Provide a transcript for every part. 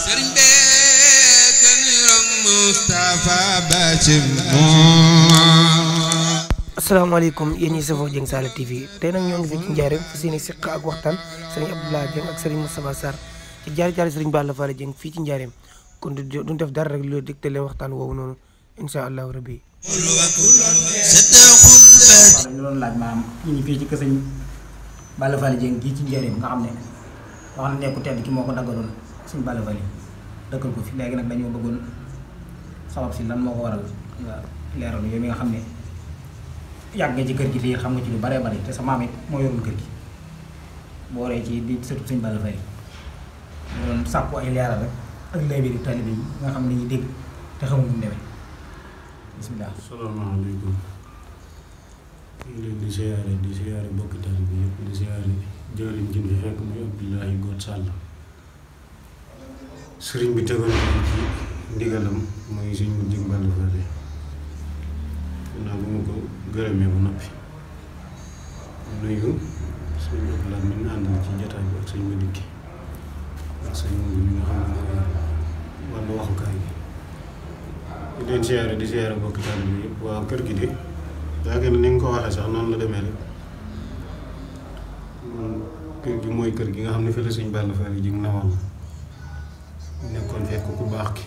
sëriñ bee kaniram Moustapha Bachir asalaamaaleykum yéen ñi safoo Dieng Saala TV tey nag ñoo ngi fi ci njaareem fi seeni siq ak waxtaan sëriñ Abdoulaye Dieng ak sëriñ Moustapha Sarr ci jaar jaar sëriñ Balla Fall Dieng fii ci njaareem kon du def dara rek loo digtale waxtaan woowu noonu incha allahu rabbi suñu Balla Fally dëkkal ko fi léegi nak dañu bëggoon xawab ci lan moko waral nga leeral yooyu mi nga xam ne nga ci kër gi li xam nga ci lu bare bare te sa mamit mo moo kër gi boo ci di sëtu suñu Balla Fally ñoon sappu ay leeral rek ak lay di taalibe yi nga xam ne ñu te bismillah ñu di siyaare di siyaare bokki taalibe di siyaare jëriñ ji fi fekk muy Abdoulaye Goat sering bi tegal ci ndigalam moy mooy sëñ mu jëg bàll fale na bu ma ko gërëmee bu nopi nuyu sëñ la min and ci jotta bi ak sëñ ma dikki ak sëñ mu bi nga xam na mooy wàllu waxukaay bi di leen siyaare di siyaare bokk tan bi yëpp waaw kër gi de da nga ni nga ko waxee sax non la démé rek kër gi moy kër gi nga xam ne fi la sëñ fa fale jig nawal la ne kon fekk ku baax ki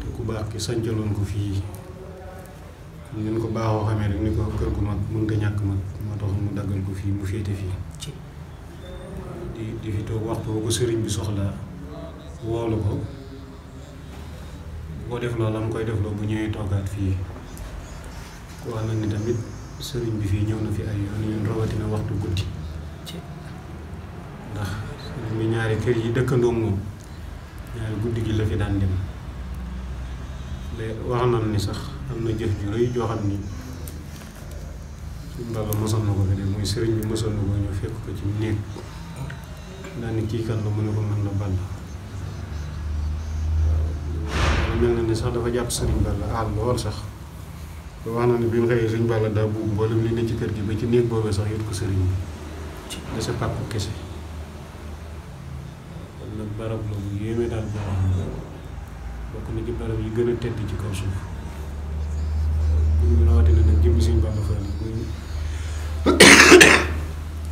te ku baax ki sancaloon ko fii ñun ko baaxoo xamee rek ni ko kër gu mag mën nga ñàkk mag moo tax mu daggal ko fii mu féete fii di di fi toog waxtu ko sëriñ bi soxla woolu ko boo def loolu am koy def loo bu ñëwee toogaat fii ku wax nag ni tamit sëriñ bi fii ñëw na fi ay yoon ñun rawatina waxtu guddi ndax sëriñ bi ñaari kër yi dëkkandoo moom ñaari guddi gi la fi daan dem mais wax na ni sax am na jëf ju rëy joo xam ni suñu baba mosoon ko mooy sëriñ bi mosoon na ko fekk ko ci néeg daan ni kii kan la mu ne ko mën na ball waaw mel na ni sax dafa jàpp sëriñ Balla aal lool sax boo wax na ni bi mu xëyee sëriñ Balla daa buub mboolem li ne ci kër gi ba ci néeg boobee sax yët ko sëriñ bi dese pàpp kese barab la yeme yéeme daal boo xam ne bokk na ci barab yi gën a tedd ci kaw suuf ñu rawatina nag jëm suñ bàmba faral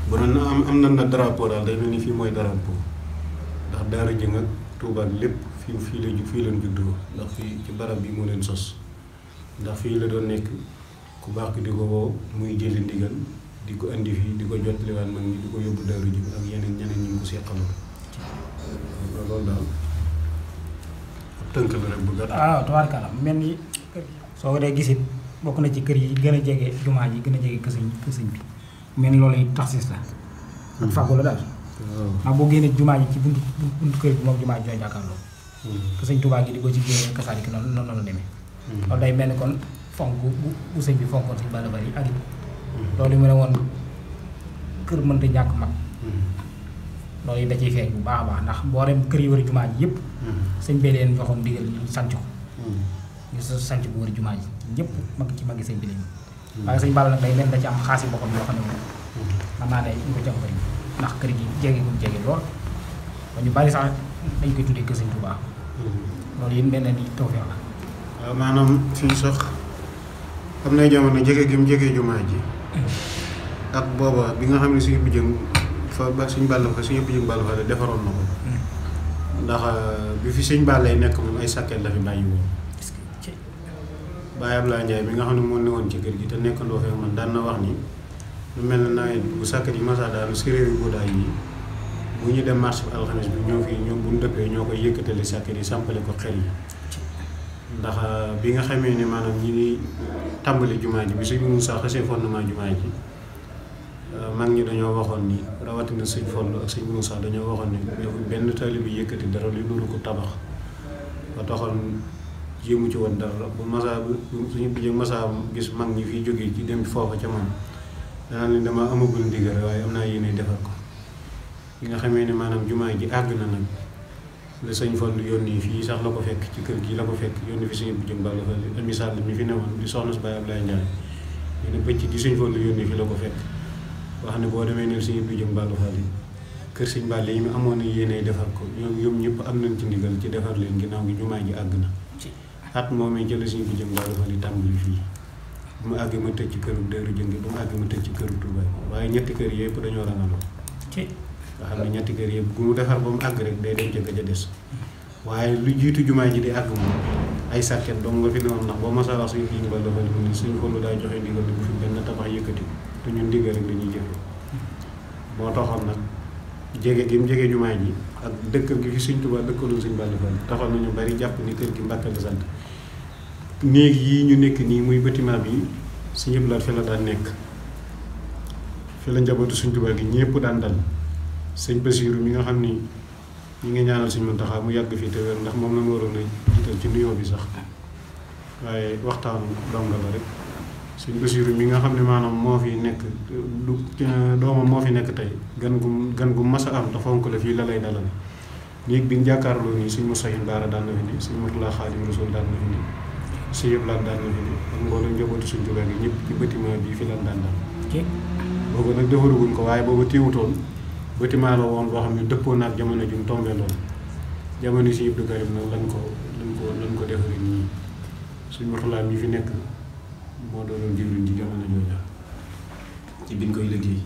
bu doon am am na na drapeau daal day mel ni fii drapeau ndax daara jëng ak tuubaat lépp fii fii la fii leen juddoo ndax ci barab bi leen sos ndax fii la nek nekk ku baax di ko woo muy jëli ndigal di ko andi fi di ko jotliwaat mag ñi di ko yóbbu ji ak yeneen ñeneen ñu ngi ko loolu daal tënk ah, mel ni soo ko dee gisit bokk na ci kër yi gën a jege jumaa ji gën a jege kësëñ kësëñ bi mel ni loolu yi taxis la. ak hmm. fàggu la daal. waaw boo génnee jumaa ji ci buntu buntu kër bi moom jumaa ji ñooy jàkkaarloo. Hmm. kësëñ Tuubaa gi di ko ci génne kasaari ki noonu noonu la hmm. loolu day mel ni kon fonk bu sëñ bi fonkoon si bala bari ak loolu yi mu ne woon kër mënta ñàkk mag. loolu da ciy feeñ bu baax a baax ndax mboolem kër yu wër jumaa ji yëpp mm-hmm. sëñ bee leen joxoon ndigal ñu sanc ko mm-hmm. ñu sanc bu wër jumaa ji ñëpp mag ci magi sëñ bi lañu mm-hmm. waaye sëñ Balla nag da ci am xaasi boppam xam ne mën naa ne ñu ko ci am ndax kër gi jege guñ jege lool ba ñu bari sax dañ koy tuddee kër sëñ loolu yëpp mel na ni tawfeex maanaam fii sax am na jamono jege gi mu jege jumaa ji ak booba bi nga xam ne suñu bu jëm fa ba suñ bàll fa suñu yëpp jëng bàll fa defaroon na ko hmm. ndax euh, bi fi suñ bàllee nekk moom ay sàkket la fi bàyyi woon Baye Abdoulaye Ndiaye nga xam ne moo newoon ci kër gi te nekkandoo fee na wax ni lu mel ne nawet bu sàkket yi masa daanu séréer yu góodaay yi bu ñu dem marché bi alxames bi ñoo fi ñoom bu ñu dëppee ñoo koy yëkkatale sàkket yi sampale ko xel yi ndax euh, bi nga xamee ni maanaam ñi ngi tàmbali jumaa ji bi suñu Moussa xasee fondement jumaa ji mag ñi dañoo waxoon ni na suñ Fallu ak suñ Moussa dañoo waxoon ni yow benn talibi yëkkati dara li nuru ko tabax ba taxoon jéemu ci woon dara bu masaa bu suñu bijjee masaa gis mag ñi fiy jógee ci dem foofa ca moom danaa ne dama amagul ndigal waaye am naa yéene defar ko yi nga xamee ne maanaam juma ji àgg na nag la sëñ Fallu yónni fii sax la ko fekk ci kër gi la ko fekk yónni fi suñu bu mbaa la fa amisaal mi fi newoon di soxna si Baye ablaye Ndiaye ñu ne bëcc gi sëñ Fallu yónni fi la ko fekk wax ne boo demee ne suñu bi jëm Balla Fall yi kër sëñ yi amoon na yéene ko ñoom ñoom ñëpp am nañ ci ndigal ci defar leen ginnaaw gi jumaa ji àgg na at moomee ci la suñu bi jëm fii mu àggee ma tëj ci këru Dëru Jënge bu mu àggee ma tëj ci këru Touba waaye ñetti kër yëpp dañoo rangaloo nga xam ne ñetti kër yëpp bu mu defar ba mu àgg rek day dem jëkk ja des waaye lu jiitu jumaa ji di àgg moom ay sàkket dong nga fi ne woon ndax boo masaa wax suñu bi jëm Balla Fall mu ne suñ xoolu daa joxe ndigal bu fi benn tabax yëkkati te ñun ndigal rek mo taxon nak jege gi mu ñu may ji ak dëkkal gi fi suñ Tuubaa lu suñ Balla Fall taxon nañu bari japp ni kër gi mbakkal la sant néeg yi ñu nekk ni muy bâtiment bi suñu yëpp la fi la daan nekk fi la njabootu suñ Tuubaa gi ñëpp daan dal sëñ Basiiru mi nga xam ni ñu ngi ñaanal suñ Muntaxaa mu yàgg fi te wér ndax moom la mu waroon a jiital ci nuyoo bi sax waaye waxtaan dong la rek suñ Basiiru mi nga xam ne maanaam moo fi nekk du doomam moo fi nekk tey gan gu gan gu mas a am te fii la lay dalal néeg bi ñu jàkkaarloo nii suñ Moussa Yine Daara daan na fi nii suñ Mourtala Xaadim Rasul daan na fi nii si yëpp lan daan suñ Tuubaa gi ñëpp ci bâtiment bii fi lan daan daan boobu nag defaraguñ ko waaye boobu téewutoon bâtiment la woon boo xam ne dëppoo naag jamono ji mu tombé lool jamono si yëpp du garib nag lan ko lañ ko lan ko defari nii suñ Mourtala mi fi nekk moo doonoon jëwriñ ci jamono jooja ci biñ koy liggéey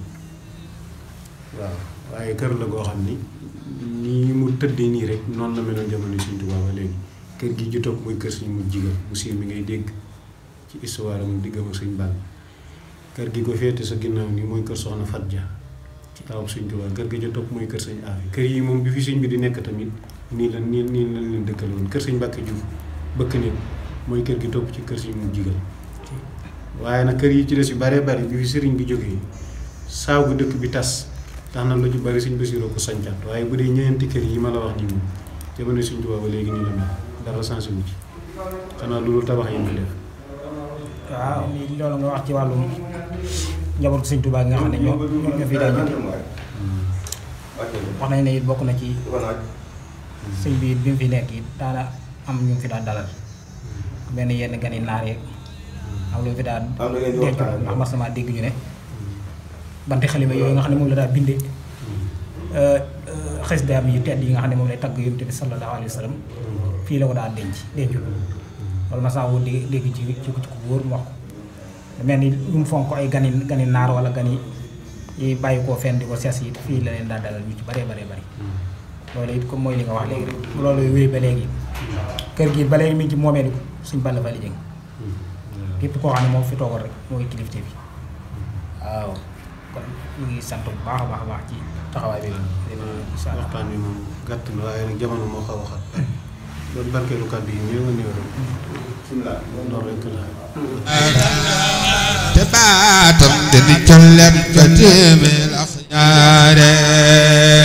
waaw waaye kër la goo xam ni nii mu tëddee nii rek noonu la meloon jamono suñ tubaab ba léegi kër gi ju topp muy kër suñ mu jigéen mu siiw mi ngay dégg ci histoire am diggam ak suñ bàll kër gi ko féete sa ginnaaw nii mooy kër soxna Fatja ci tawam suñ tubaab kër gi ju topp mooy kër suñ aafi kër yi moom bi fi suñ bi di nekk tamit nii la nii nii lañ leen dëkkaloon kër suñ Mbàkke Juuf bëkk nit mooy kër gi topp ci kër suñ mu jigéen waye nak keur yi ci dess yu bari bari bi serign bi jógee saagu dekk bi tass tax na lu ci bari suñ Basiiroo ko sancaat waye bu ñeenti keur yi ma la wax nii moom jamono serign Tuubaa ba léegi nii la mel dara sansu wu xana lu lu tabax yi mu def. waaw loolu nga wax ci wàllu njaboot suñ Tuubaa nga xam ñoo ñu fi xam lu fi daan denc ndax mas namaa dégg ñu ne hmm. banti xalima yooyu nga xam ne moom la daa bindee hmm. euh, euh, xasidaam yu tedd yi nga xam ne moom lay tagg yonent bi sallallahu alayhi wa hmm. fii la ko daa denc denc loolu mas naa woo dégg ci ci ku wóor mu wax ko mel ni lu mu fonk ay gani gani naar wala gani yi bàyyi koo fenn di ko sees fii la leen daa dalal ñu ci baree baree bari loolu it comme mooy li nga wax léegi loolu wéy ba léegi kër gi ba léegi mi ngi ci moomeelu suñ bàll bali képp koo xam ne moo fi toogal rek mooy kilifte bi waaw kon ñu ngi sant bu baax a baax a baax ci taxawaay bi moom. waxtaan bi moom gàtt na waaye nag jamono moo xaw a xat. loolu lu kàddu yi néew a néew rek. bisimilah loolu rek la. te baatam dana jolleem ba téeméer la ñaare.